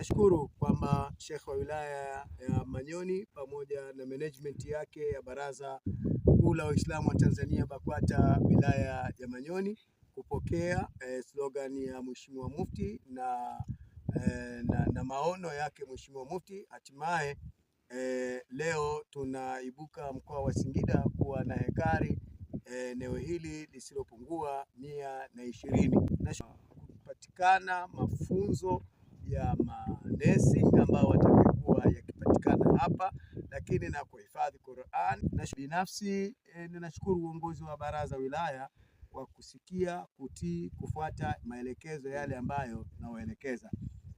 Nashukuru kwamba Sheikh wa wilaya ya Manyoni pamoja na management yake ya Baraza Kuu la Waislamu wa Tanzania BAKWATA wilaya ya Manyoni kupokea eh, slogan ya Mheshimiwa Mufti na, eh, na, na maono yake Mheshimiwa Mufti hatimaye eh, leo tunaibuka mkoa wa Singida kuwa na hekari eh, eneo eh, hili lisilopungua mia na ishirini na kupatikana mafunzo ya malezi ambayo watakuwa yakipatikana hapa, lakini na kuhifadhi Qur'an. Na binafsi eh, ninashukuru uongozi wa baraza wilaya kwa kusikia, kutii, kufuata maelekezo yale ambayo nawaelekeza.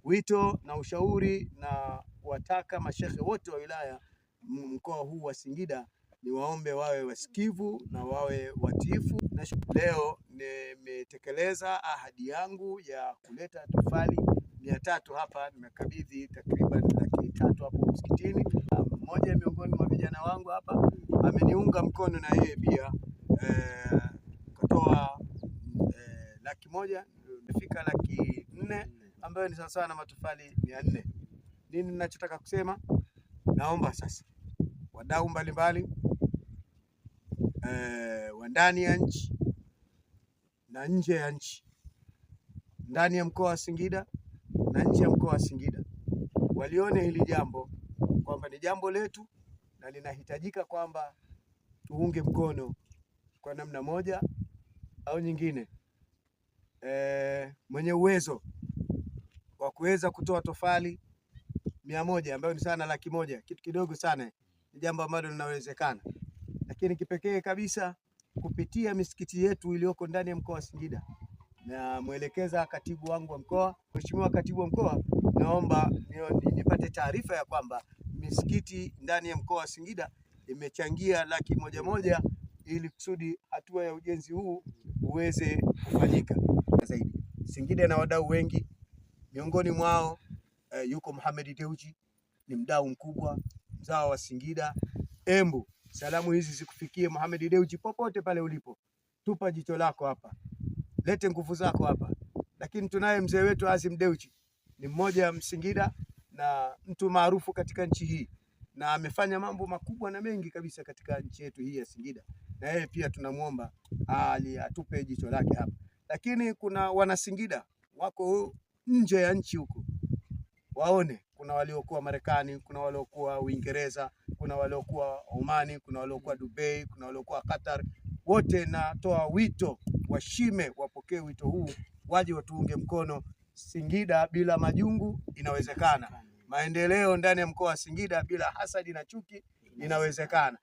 Wito na ushauri na kuwataka mashehe wote wa wilaya mkoa huu wa Singida ni waombe wawe wasikivu na wawe watiifu. Na leo nimetekeleza ahadi yangu ya kuleta tofali mia tatu hapa, nimekabidhi takriban laki tatu hapo msikitini. Mmoja miongoni mwa vijana wangu hapa ameniunga mkono na yeye pia eh, katoa eh, laki moja imefika laki nne ambayo ni sawasawa na matofali mia nne. Nini ninachotaka kusema, naomba sasa wadau mbalimbali e, wa ndani ya nchi na nje ya nchi, ndani ya mkoa wa Singida wananchi ya mkoa wa Singida walione hili jambo kwamba ni jambo letu na linahitajika kwamba tuunge mkono kwa namna moja au nyingine, e, mwenye uwezo wa kuweza kutoa tofali mia moja ambayo ni sana laki moja, kitu kidogo sana, ni jambo ambalo linawezekana, lakini kipekee kabisa kupitia misikiti yetu iliyoko ndani ya mkoa wa Singida namwelekeza katibu wangu wa mkoa. Mheshimiwa katibu wa mkoa, naomba nipate taarifa ya kwamba misikiti ndani ya mkoa wa Singida imechangia laki moja moja ili kusudi hatua ya ujenzi huu uweze kufanyika zaidi. Singida na wadau wengi, miongoni mwao e, yuko Mohamed Deuji, ni mdau mkubwa mzao wa Singida Embu. Salamu hizi zikufikie Mohamed Deuji, popote pale ulipo, tupa jicho lako hapa lete nguvu zako hapa. Lakini tunaye mzee wetu Azim Deuchi, ni mmoja wa Msingida na mtu maarufu katika nchi hii na amefanya mambo makubwa na mengi kabisa katika nchi yetu hii ya Singida, na yeye pia tunamwomba ali atupe jicho lake hapa. Lakini kuna wanasingida wako nje ya nchi huko, waone kuna waliokuwa Marekani, kuna waliokuwa Uingereza, kuna waliokuwa Omani, kuna waliokuwa Dubai, kuna waliokuwa Qatar. Wote natoa wito washime wa wapokee wito huu, waje watuunge mkono. Singida bila majungu inawezekana. Maendeleo ndani ya mkoa wa Singida bila hasadi na chuki inawezekana.